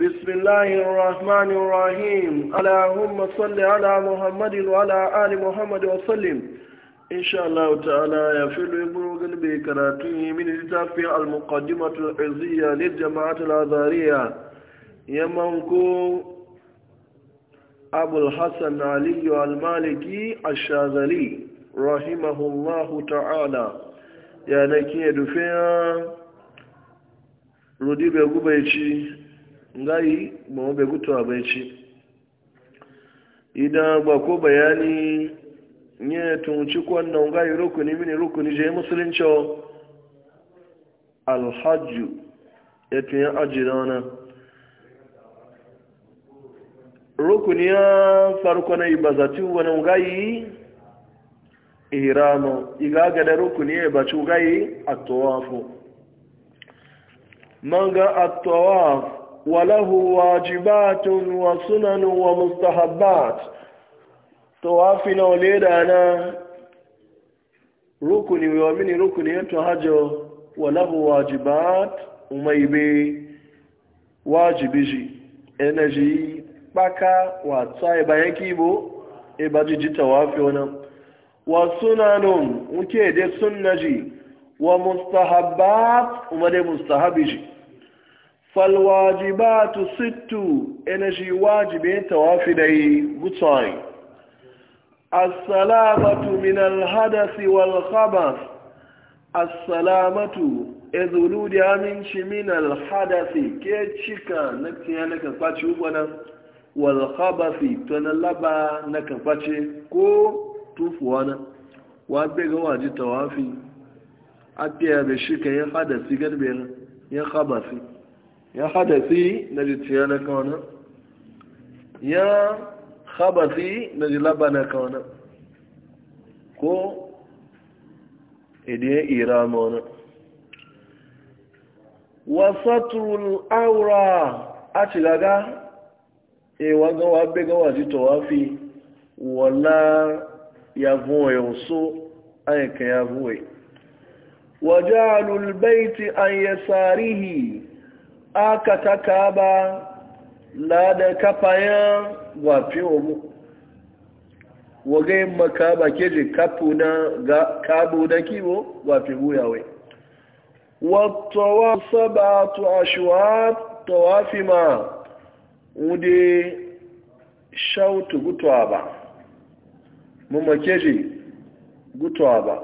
بسم الله الرحمن الرحيم اللهم صل على محمد وعلى ال محمد وسلم ان شاء الله تعالى يا يفعل قلبي كراتي من لتافع المقدمة العزية للجماعة الأزهرية يمنكو أبو الحسن علي المالكي الشاذلي رحمه الله تعالى يا كي يدفع رديب يقبيتي ngayi ma wabe gutuwa bai idan ba ko bayani ne tunci kwanan ngayi rukuni mini rukuni je musulunci Alhaju ya fiye ajiyar wani rukuni ya farko na ibazati wani ngayi ihramu igaga da rukuni ya ibaci ngayi a tawafu manga a tawafu sunanu وله واجبات وسنن ومستحبات توافي نوليدا انا rukuni wiwamini rukuni yetu hajo walahu wajibat umaibe wajibiji energy paka watsaye bayan kibo e baji jita wafi wana wa sunanun uke de sunnaji wa mustahabbat umade mustahabiji falwajibatu sittu ina shi wajibin tawafi da yi gutsari assalamatu min alhadasi wal khabas assalamatu ezulu da aminci min alhadasi ke cika na tiya na kakwaci ugwana wal khabasi laba na kakwaci ko tufuwa na wa waji tawafi a tiya bai shi ka yin hadasi garbe ya khabasi ya hadasi na ji tiya na kawana ya habasi na ji laba na kawana ko idiyan irama wani wasaturul aura a ti gaga ewa gawa be gawa ji tawafi wala ya vuwa yauso ayyaka ya vuwa wajalul baiti an yasarihi aka ta kaba la da kafayen wafi omu wagai makaba keji kabu na kiwo wafi buyawai watawa sabatu ashwat wafi ma wude shautu gutuwa ba ke keji gutuwa ba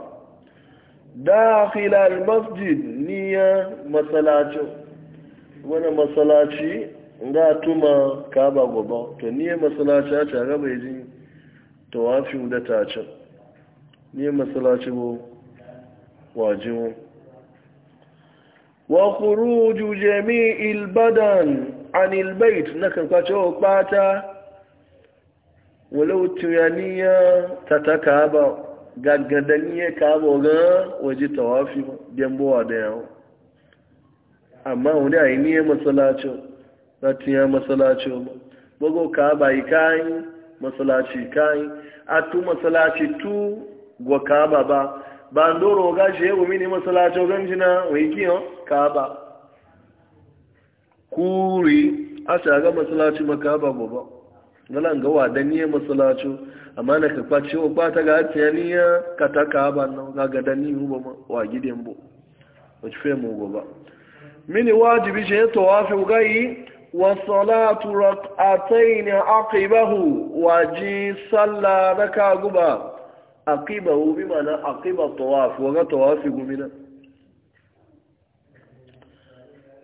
dakhila almasjid niya masalacin wani masalaci ga tuma ka ba to ni masalaci a cara bai ji tawafin da ta can ni masalaci bo wajin wa khuruju jami'il badan an ilbait na kan kwace wa kwata walau tuyaniya ta ta ka ba gaggadaniya ka ga waje tawafi gembowa da yawon amma wani a yi niyan masalacin latiya masalacin bugu ka bayi kayan masalaci kayan a tu masalaci tu gwa kaba ba ba ndoro ga shi yau mini masalacin ganjina wai kiyon kaba kuri a shaga masalaci makaba gobe galan ga wadan niyan masalacin amma na ka kwace wa kwata ga hatiya niyan ka ta kaba nan ga gadan niyan ba wa gidan bu wacce fe mu gobe mini wajibi shi tawafi gai wa salatu rak'atayn aqibahu waji salla raka guba aqibahu mana aqiba tawaf wa ga tawafi gumina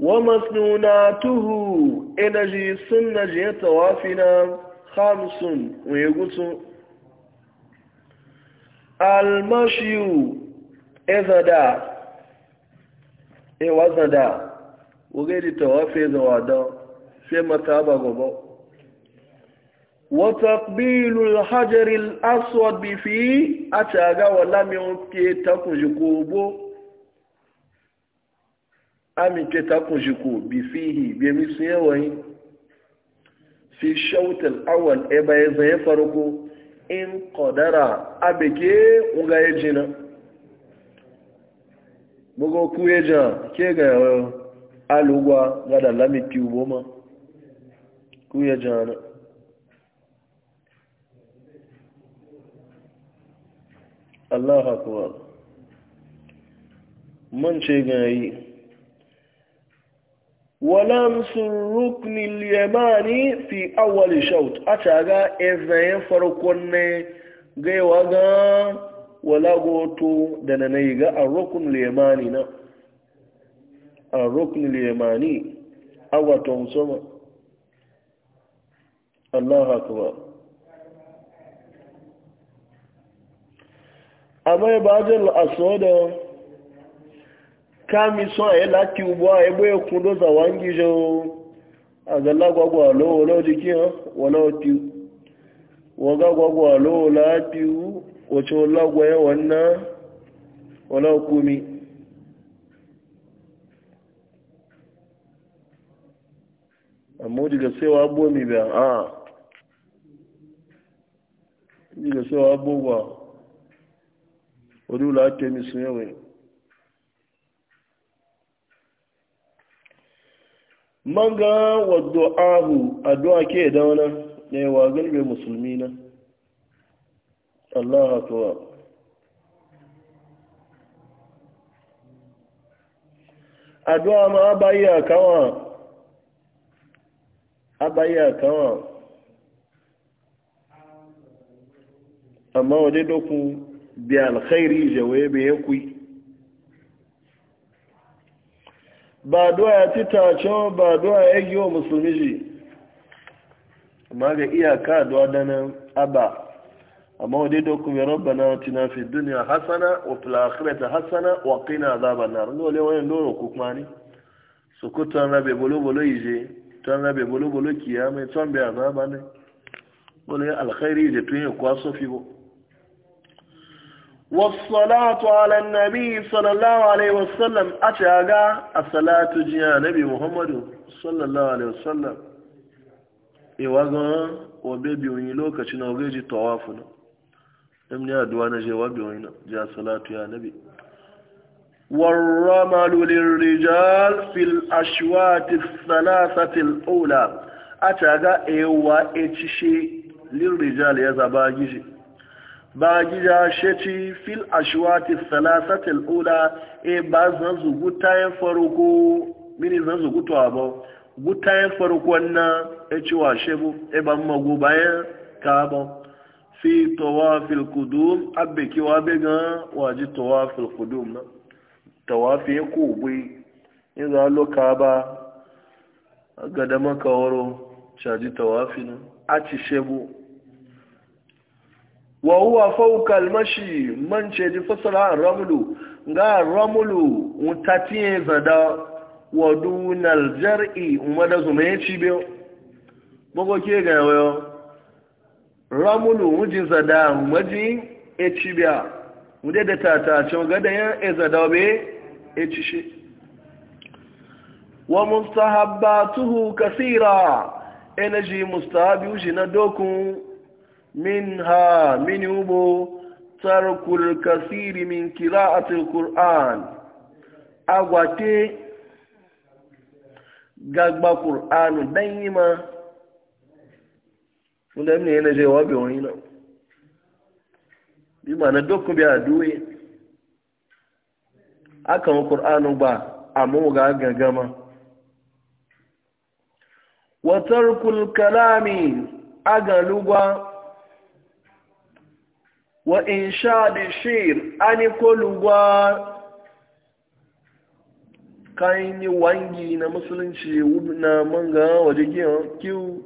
wa masnunatuhu energy sunna je tawafina khamsun wa yagutu al-mashyu ezada e wogai di tawafe da wada sai mata ba gaba wa taqbilu al-hajar al-aswad bi fi ataga wala mi ke ta ku jikobo ami ke ta ku jiko bi fihi bi mi sun yawa yi fi shawt al-awwal e ba ya zai farko in qadara abike ungaye jina bugo ku ye ja ke ga yawa alugwa ga da lamiti goma ku ya jana Allah man ce gani rukunin liyamani fi awali shaut a taga ezayen farkon ne gaiwa ga walagoto da na na yi ga a rukunin liyamani na الركن اليماني أو Allah الله أكبر أما بعد الأسود kami son a yi lati ugbo a ebe ekun ló zàwọn gíṣẹ́ ohun àgbàlagbàgbà lówó lọ́dí kí hàn wọ́n náà ti wọ́n gbàgbàgbà lówó láti wọ́n tí ó lágbà amma ji sewa abuwa mi biya a diga sewa abubuwa wadda wula ake misu yawai manga wadda ahu addu'a ke da wani na yi wagon musulmi na allah hatuwa addu'a ma bayi a kawa abaghị akawa amma waje dokun bi alkhairi jawaye bai yankui ba duwa ya ci tace ba duwa ya yi wa musulmi ji amma ga iyaka duwa danan aba amma waje dokun ya rabba na tina fi duniya hasana wa filakhirata hasana wa kina azaba na rinole wayan doro kuma ne su kutan rabe ije tun rabe bolo-bolo kiyamai tun bai azaba ne wani alkhairi da tun yi kwaso fi bo wasalatu ala nabi sallallahu alaihi wasallam a ce aga a salatu jiya nabi muhammadu sallallahu alaihi wasallam iwa e gan wabe biyoyi lokaci na ogeji tawafu na ɗin ne aduwa na je wabe biyoyi na ji a salatu ya nabi والرمل للرجال في الأشوات الثلاثة الأولى أتاقى إيوا إتشي للرجال يزا باجيجي باجيجا شتي في الأشوات الثلاثة الأولى إي بازن زغوتاين فرقو mini zan su gutuwa ba gutayen farkon na ya ci washe bu iban magu bayan ka ba fi tawafil kudum abe kiwa be gan waji tawafil kudum na tawafi ko bai in za loka ba ga da makawaro caji tawafi nan a ci shebu wa huwa fawqa almashi man ce ji fasara ramlu ga ramlu mutatiye zada wadu dunal jar'i umada zume ya cibe. bogo ga yo ramlu mujin zada maji ya ci wude da tata ce ga da yan zada be echishi wa mustahabbatuhu kathira energy mustahabi ujina dokun minha min ubo tarkul kathiri min qira'ati alquran agwate gagba qur'anu danyima unda mne energy wabi onina bi mana dokun bi aduwe akan ƙur'anu ba a ga gagama watar kulkalami agalugwa wa in sha da shir ani kolugwa kan yi wangi na musulunci na manga wajen kiwu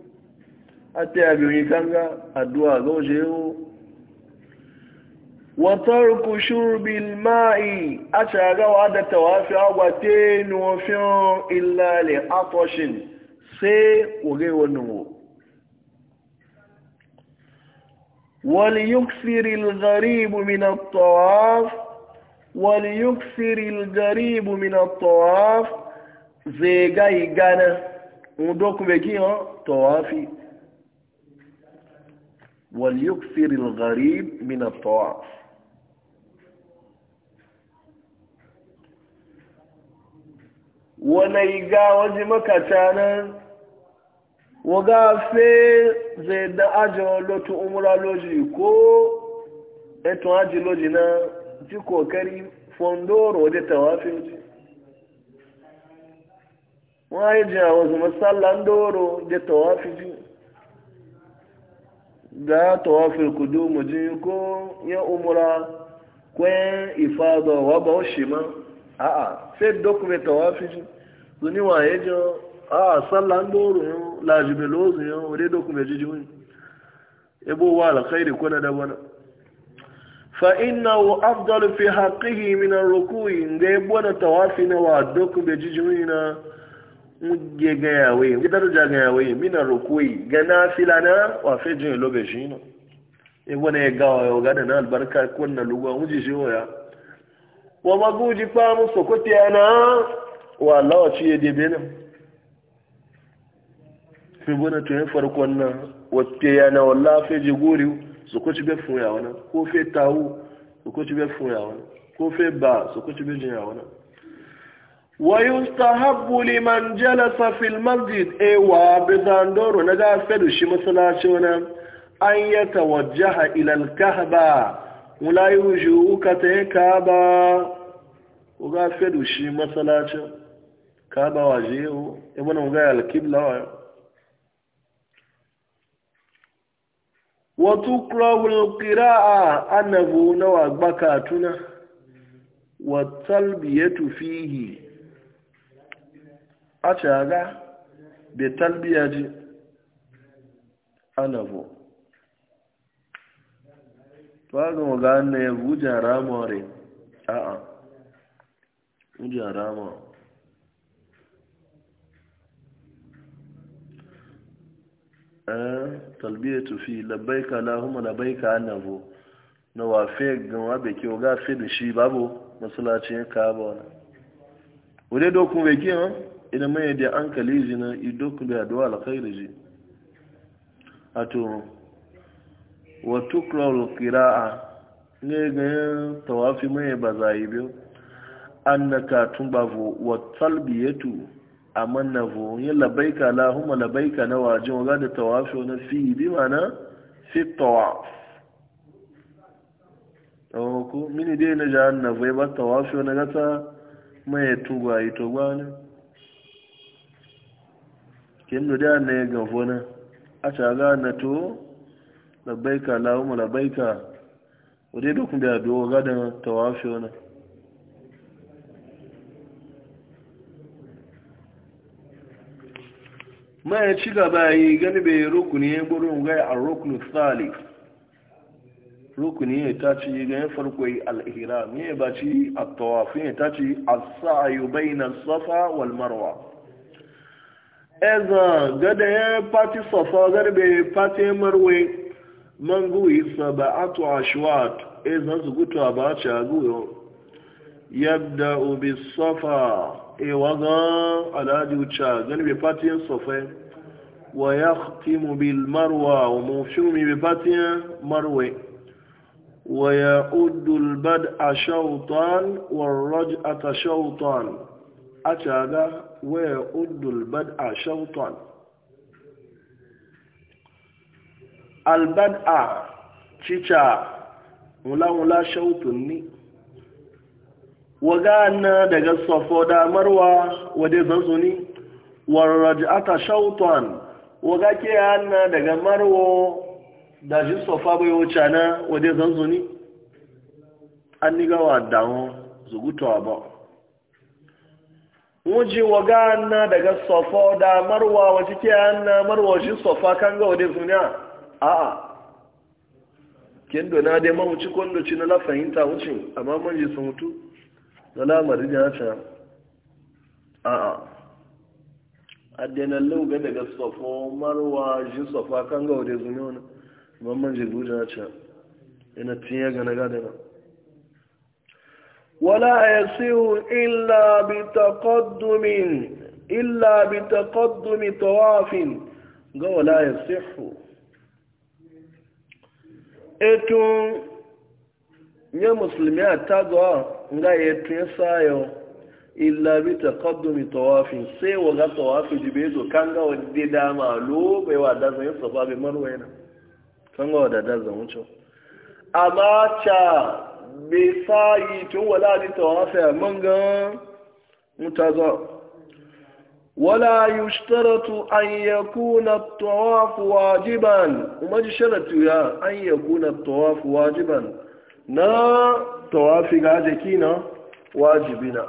a ta yabi kanga addu'a ga waje yau wa tarku shurbil ma'i a tsara wa da tawafi agwate nufin ilale atoshin sai kore wani wo wali yuksiri garibu mina tawaf wali yuksiri garibu mina tawaf zai ga igana ndokumeki yan tawafi wali yuksiri garibu mina tawaf wani ga waje makata nan waga fe zai da ajo lotu umura loji ko etu aji loji na ji kokari fondoro waje tawafi waje wọ́n yìí jẹ́ àwọn ọ̀sùnmọ́sálà ń dóòrò jẹ́ tọ̀wáfi jù dá tọ̀wáfi kùdú mọ̀jú kó yẹ òmùra kwẹ́ ìfàdọ̀ wàbọ̀ ó ṣe máa a'a sai document tawafi shi zuni waye jo a'a sallan doro yo lajibelozu yo da bana fa fi haqqihi min ar-ruku'i ngai bona tawafi na wa document ji juni na nge ga yawe nge daraja ga yawe na wa fejin lobe shi no ebo na albarka ya wa maguji famu sokote yana wa lawa ci e e e ya debe nan fi buna tun farkon nan wata yana wala fe je gori sokoci be fun yawa nan ko fe tawu sokoci be fun yawa nan ko fe ba sokoci be jin yawa nan wa yustahabbu liman jalasa fil masjid e wa be zandoro na ga fedu shi masallaci wannan an yatawajjaha ila al-kahba wula yi wuce wuka ta yi kaba wuga fedu shi matsalacin kaba wa je yau ibi na alkibla wa wato watu kira a annabu na wa gbaka tuna wa talbiyatu fihi a shaga da talbiya ji annabu faga waga na ya wujan rama re a'a wujan rama eh, talbiyatu fi labbaika lahumma labbaika annabu na wafe ganwa beke ke waga fi da shi babu masalacin ka ba wani wadai dokun bai ha idan mai da an kaliji na idokun bai aduwa alkhairi ji a to wa tukrarul qira'a ne ga tawafi mai ba zai biyo annaka tumbavu wa talbiyatu ya labaika allahumma labaika na wajin ga da tawafi na fi bi mana fi tawaf o mini dai na jahannavu ba tawafi na gata mai tuba kin da a ta na to labbaika Allahumma labbaika wadai da kun da addu'a ga da tawafi wani ma ya ci gaba yi gani bai rukuni ya gurin gai a rukunu tsali rukuni ya ta ci ga farko yi al'iram ya ba ci a tawafin ya ta ci a sa'ayu bai na safa wal marwa ezan gada ya fati safa gada bai fati marwai man guyi saba'atu ashwat e zan su gutu ba cha guyo Yadda bi safa e waga alaji ucha gani be patiyan safa wa yahtimu bil marwa wa mufshumi be patiyan marwe wa ya'uddu al bad'a shawtan wal raj'ata shawtan acha ga wa ya'uddu al bad'a shawtan albad'a cica wula-wula waga na daga sofo da marwa wade zanzuni warraj'ata shautun waga ke yana daga marwa da shi sofa bai wuce na wade ni? an ni gawa damu zugutowa ba wuji waga na daga sofo da marwa wace ke yana marwa shi sofa kan ga wade zuniya a'a kendo na dai mawuci kwando ci na na fahimta wucin amma man sun mutu na lamari da ta a'a adena lauga daga sofo marwa ji sofa kan ga wade zuni wani amma man ji na ta ina tiye ga na gada na wala yasihu illa bi taqaddumin illa bi taqaddumi tawafin ga wala ya yasihu etun nye musulmi atagwa nga etun ya sayo illa bi taqaddumi tawafin sai waga ga tawafi jibe zo kanga wa de dama lo bai wa da safa bai marwa kanga wa da zan wuce amma cha bi sayi tun wala di tawafi manga mutazwa ولا يشترط أن يكون الطواف واجبا وما يشترط يا أن يكون الطواف واجبا نا طواف غاجكينا واجبنا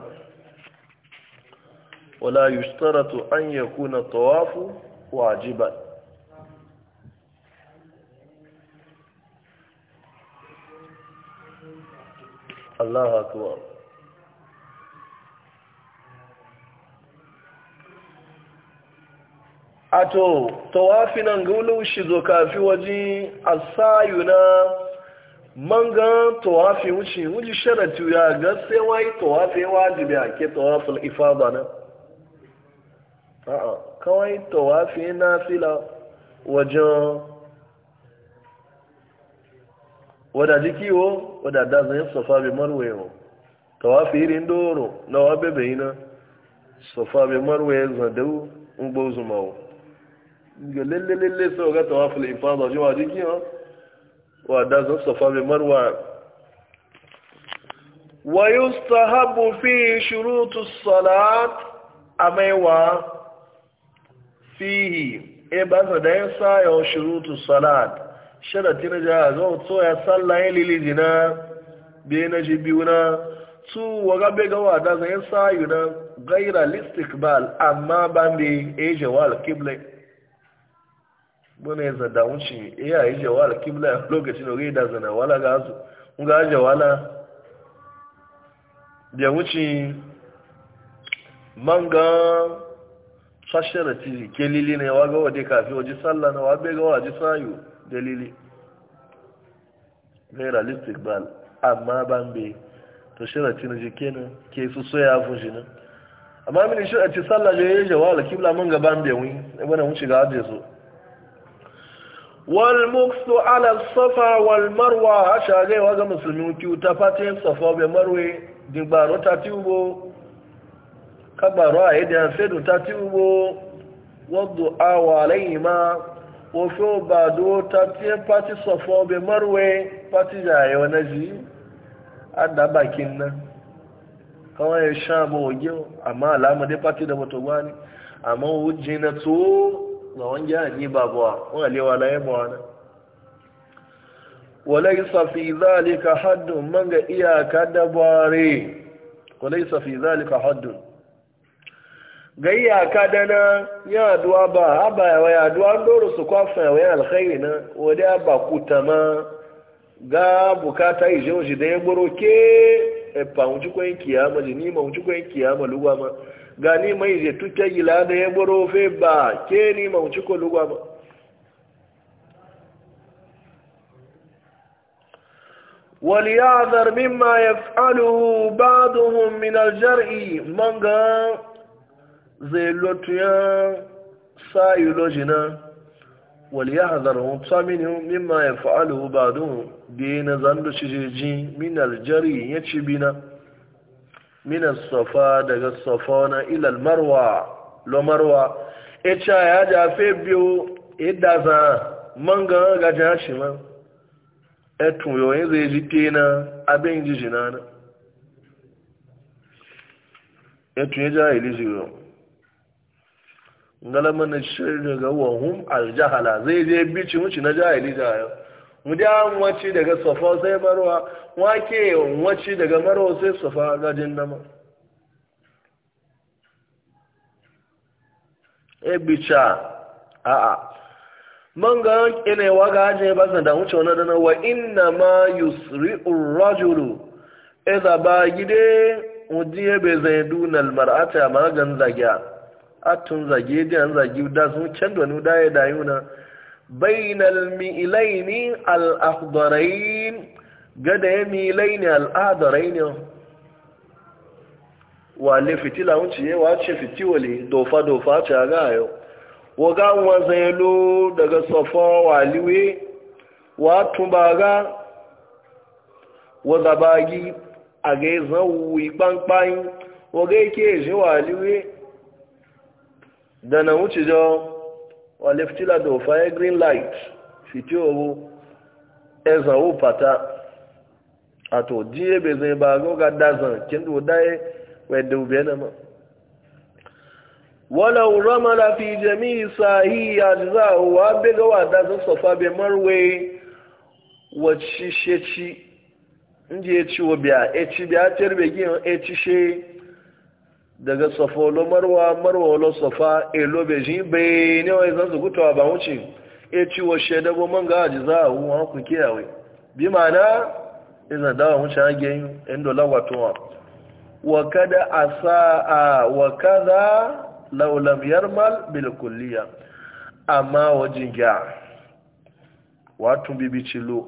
ولا يشترط أن يكون الطواف واجبا الله أكبر ato tawafinan gulu shi zo kafi waje asayu na manga tawafi wuce wuce sharatu ya ga sai wai tawafi wajibi a ke tawafin ifada na kawai tawafi na fila wajen wadda jikiwo wadda zai sofa bi marwayo tawafi irin doro na wabe bayina sofa bi marwe zadau ugbo zumawo ga lalle lalle ga ifada jiki ha wa da zan safa mai marwa wa fi salat amaiwa fihi e ba da yasa ya shirutu salat sharati na ja zo to ya sallaye lilijina be na jibiuna su waga be ga wa da zan yasa na gaira listikbal amma ban be ejewal qibla bane ya zada wuce iya yi jawala kibla lokacin da gaida zana wala ga su ga jawala da wuce man sashara ti ke lili ne wa ga wade kafi waje sallah na wa bai waje sayu da lili gaira listikbal amma ban to na ke su soya amma mini da ya yi jawala kibla wani wuce ga ajiye su walmuksu ala safa walmarwa a shagaiwa ga musulmi kiwu ta fatin safa bai marwe digbaro ta ti ugbo kagbaro a yadda ya fedu ta ti ugbo wadda awa alayi ma ofe obado ta ti fati safa bai marwe fati jayewa na ji a dabakin nan kawai sha ba ogiyo amma alamadai fati da mutu gwani amma wujina tsoho na wange a ni ba buwa wani lewa la yabo wani walaisa fi zalika haddun man ga iyaka dabare walaisa fi zalika haddun ga iyaka dana ya duwa ba aba ya duwa doro su kwafa wa alkhairi na wadai ba kutama ga bukata ijeoji da ya gboro ke efa eh, onju kwa inkiya ama jini ma onju kwa inkiya ama lugu ama gani ma ize tuke gilada ya boro fe ba keni ma onju kwa lugu ma wali yadhar mimma yaf'aluhu ba'duhum min aljar'i manga zelotu ya sayu lojina وليحذرهم فمنهم مما يفعله بعضهم دين زند شجيجي من الجري يتشبنا من الصفا دغ الصفونا الى المروه لو مروه اتشا يا جافيو بيو ادازا مانغا غجاشما etun yo yin ابين ji اتو يجا jijina na ngalama na daga ga wahum aljahala zai je bici muci na jahili jayo mu da wace daga safa sai marwa wake wace daga marwa sai safa gajin dama e bica a a man ga ina wa gaje ba san da wuce wannan dana wa inna ma yusri'ur rajulu idza e, ba gide mudiye be zaidun al ma gan atun zage dan zage da sun can da nuda ya dayu na bainal mi'lain al-akhdarain gada ya mi'ilaini al-adarain le fitila wunci wa ce fitiwale dofa dofa ce ga yau wa wanzan lo daga wa liwe wa tumbaga wadabagi a ga izan wuyi kpankpan ke je wa liwe da wuce jo green light fiti owo ezawo pata ato jiye bai zai ba ga dazan do dai wai ube na ma walau ramala fi la fi ajza'u wa be ga wada sun sofa be marwe wacce sheci inje ci wo biya e ci biya terbe gi e ci she daga safo lo marwa marwa lo safa e lo beji be ne wai zan zuguta ba wuce e ci wa sheda bo manga aji za a huwa ku kiyawe bi mana iza dawa wuce age endo lawa towa wa kada a wa kada law lam yarmal bil kulliya amma wajiga watu bibi cilo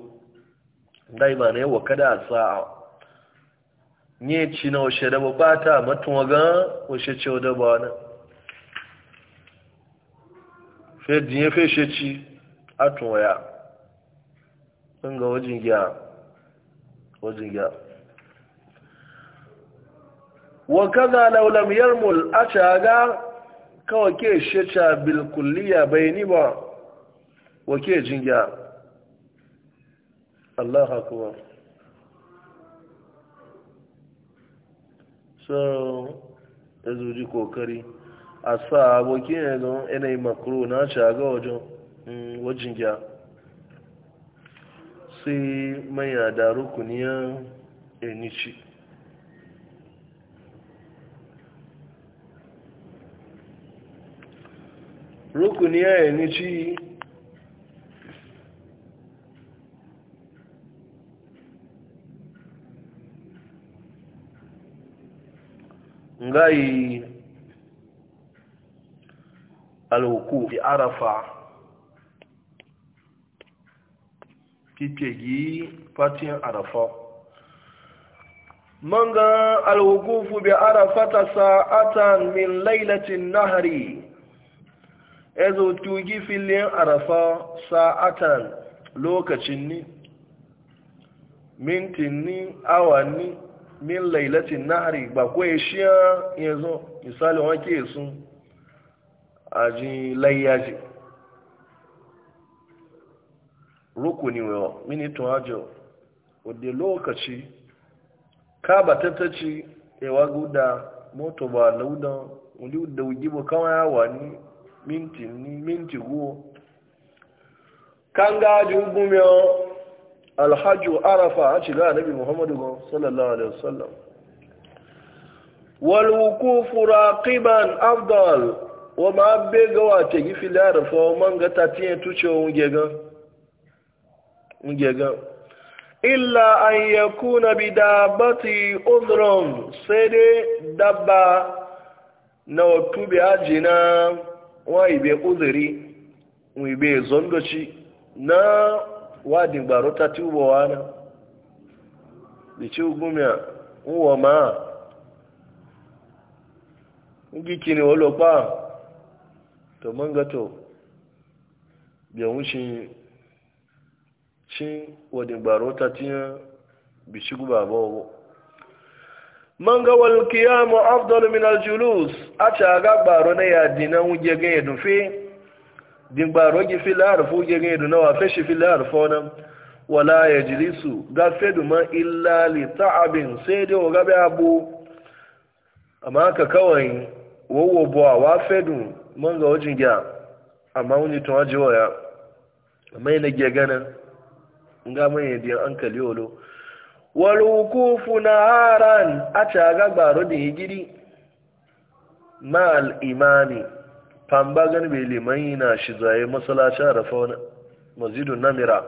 dai ma ne wa kada asaa ci china oshe da bata matuwa ga oshe ce da ba na fe dinye fe she ci atun ya in ga wajen giya wajen giya wa kaza law lam yarmul ashaga kawai ke shecha bil kulliya bayni ba wa ke jingiya Allah akbar so ya kokari a sa abokin ya ga na shaga wajen mm, wajen gya sai manya da rukuniyar enichi ngai alwuku fi arafa kipegi fatin arafa manga alwukufu bi arafata sa'atan min lailatin nahari ezo tugi filin arafa sa'atan lokacin ni mintin ni awanni min lailatin nahari ba ko ya shiya ya zo misali wake sun aji layyaji rukuni wa minitun hajjo wadda lokaci ka ba tattaci ewa guda moto ba laudan wuli da wugibo kawai yawa ni minti ni minti guwo alhaju arafa a shiga annabi muhammadu sallallahu alaihi wasallam wal fura raqiban afdal wa ma be gawa te gifi fili arafa man ga tiye tuce unge ga illa an yakuna dabati udrum sai dai dabba na wato bi ajina wa ibe uzuri wa ibe zondoci na wadi gbaro tati ubo wana bici ugumya uwa ma ngi kini wolo pa to manga to biya wucin cin wadi gbaro tati ya bici guba bawo manga wal kiyamu afdalu min al julus a aga gbaro na ya na wuje ga ya dufe dimbarogi fili harfu gege du nawa feshi fili harfu nan wala ya ga gafe duma illa li ta'abin sai dai wa gabe abu amma ka kawai wawo wa fedu man ga wajen gya amma wani tun waje waya mai na gya gana nga mai yadda an kali olo walukufu na haran a caga gbaro da higiri ma'al imani ba gani bai liman na shi zaye masalacin rafa wani mazidun namira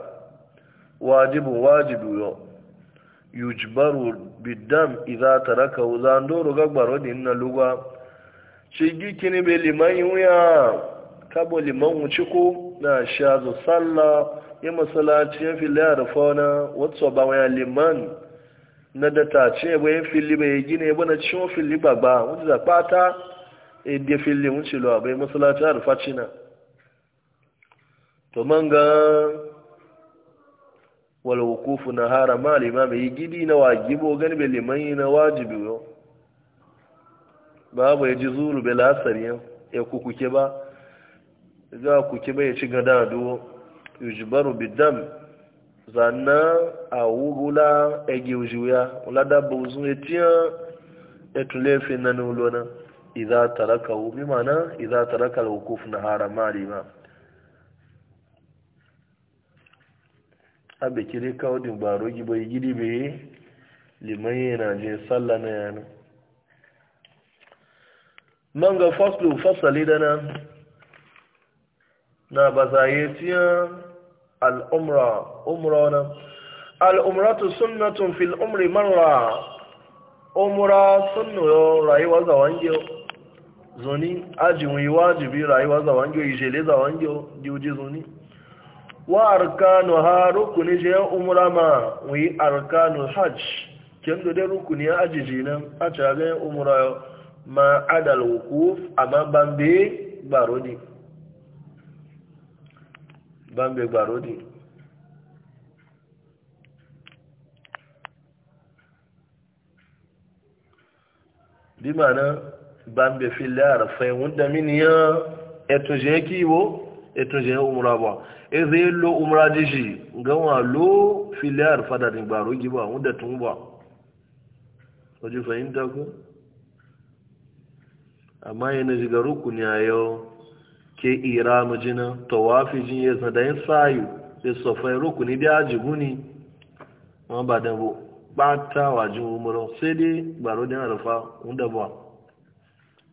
wajibin wajibu yau yujibaru bidam iza wuza an doro gagbaro din na lugwa shi gikini bai liman yi wuya kabo liman wuce ko na sha zo sallah ya masalacin ya fili ya rufa wani wato ba wani liman na da ta ce ya bayan fili bai gina ya bana ciwon fili ba ba wanda da inda filin wuce lo abai masalata da facina to man ga wal wukufu na hara ma limami yi gidi na wajibo gani be limani na wajibi yo babu ya ji zuru bai lasari ya kukuke ba za kuke ba ya ci gada do yujibaru bidam zanna a wugula ege ujuya ulada ya etiyan etule fe nanu lona idza tarakahu bi ma'ana idza taraka al-wukuf nahara malima abe kire kawo din baro gi bai gidi bai, liman yana je sallah na yana man ga faslu fasali dana na bazaye tiya al-umra umra na al-umratu sunnatun fil umri marra umra sunnu rayuwa zawangiyo zoni ajin wajibi rayuwa za wangyo ishele za wangyo diuji zoni wa arkanu ha rukuni je umrama, ma wi arkanu hajj kendo de rukuni aji nan a tare umra ma adal wukuf amma bambe gbarodi bambe gbarodi bi ma'ana bambe fili arafai wanda mini ya etunje ya kiwo etunje ya umra ba eze lo umra dishi gawa lo fili arafa da nigbaro giba wanda tun ba wajen fahimta ku amma yana jiga rukuni a yau ke iramu jina tawafi jin ya yin sayu da sofai rukuni da ajiguni wọn ba da bu ba ta wajen umaru sai dai baro din arafa wanda ba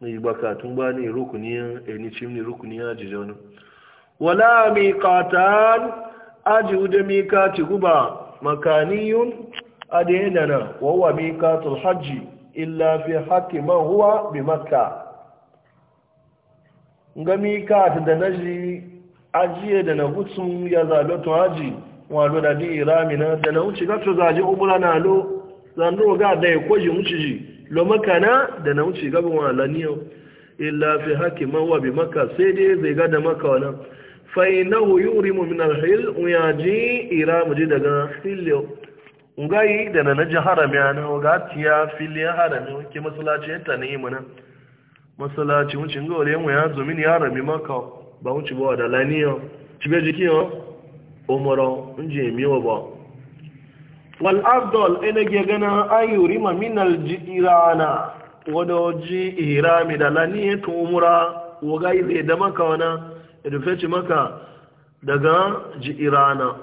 mai bakatun ba ne rukuniyan cin ne rukuniyan ajiyar wani wala miƙatan ajiyu da miƙati guba makaniyun adiyana wawa miƙatul hajji illa fi haƙi man huwa bi makka ga miƙat da na ji ajiye da na hutsun ya zaɓe tun haji wado da di iramina da na wuce gato zaje umura na lo zandoro ga da ya kwaji wuce ji lo makana da na wuce gaban walaniyo illa fi haƙi mawa bi maka sai dai zai gada maka na fa'inahu yurimu min alhil uyaji ira muje daga filio ngayi da na naji harami na ga tiya filiya harami ke masallaci ta ne mana masallaci mun cin gore mu ya zo mini harami maka ba mun ci ba da laniyo ci be jiki yo umara mun mi wa ba wal'adol ina ge ganin ayyuri ma minal jirana wadda ji ira mai dalani ya e tumura waga ibe da maka wana edufeci maka daga jirana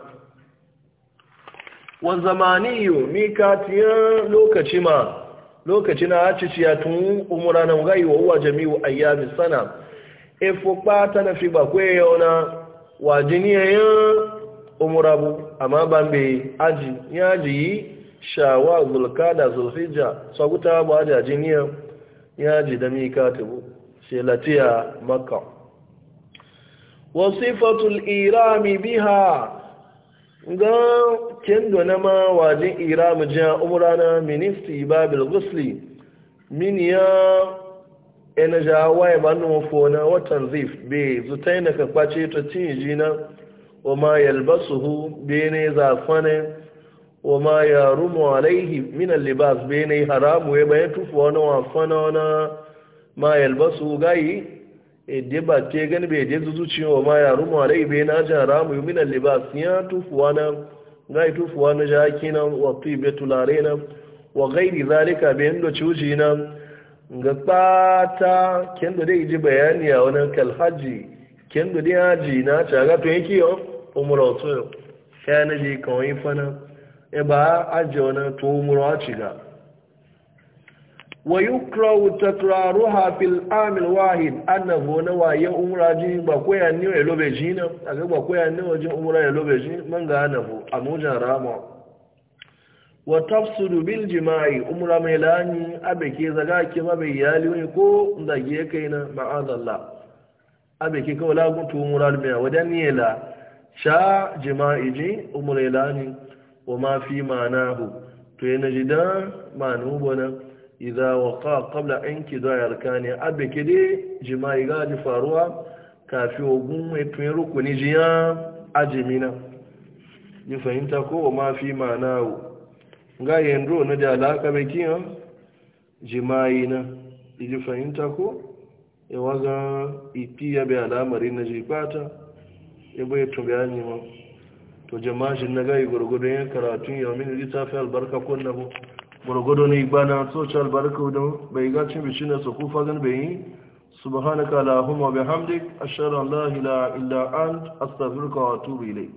wani zamani yiwu katiyar lokaci ma lokaci na haciciya ya tun umura na waga yiwu wa jami'u ayyami sana efo ba tana fi bakwai yau umurabu amma ban be aji ya yi shawa zulkada zulhijja saguta bu aji ajiniya ya aji da mikatibu selatiya makka wa sifatul irami biha ga kendo na ma wajin irami ja umrana ministi babil gusli min ya ina ja waye banu fona watan zif be zutaina ka kwace to cin jina وما يلبسه بين زافن وما يرم عليه من اللباس بين حرام وبين تفوان وعفن ما يلبسه غاي ede ba te gani bai je zuzuci wa ma ya rumu alai bai na jan ramu yi minan libas ya tufuwa na gai tufuwa na jaki na wa tibe tulare na wa gairi zalika bai na ga kpata kendo dai ji bayani a wani kalhaji kendo dai na ci a gato yake yau umar otu ya na ji kawai fana e ba aji wani to umar a ci ga wa yukrahu takraruha fil amil wahid annahu na waye umra ji wa lobe na a ga wa jin ya lobe man ga annahu mai zaga na abe ke kawai lagun tu mural wajen wadan la sha jima'i ji umurela ne wa ma fi hu? to yana ji da manu bona idza waqa qabla an kidwa yarkani abe ke dai jima'i ga ji faruwa kafi ogun tuni rukuni jiya ajimina ji fahimta ko wa ma fi hu? ga yendro na da alaka bikin kiyan jima'i na ji fahimta ko iwaga ipiya bai al'amari na jibata ya bai to bayani ma to jama'ashin na gari gwargwadon ya karatun ya mini littafi albarka kunna na bu gwargwadon ne gbana soci albarka don bai ga cin na su kufa gan bai yi subhanaka la huma bihamdik ashhadu an la ilaha illa ant astaghfiruka wa atubu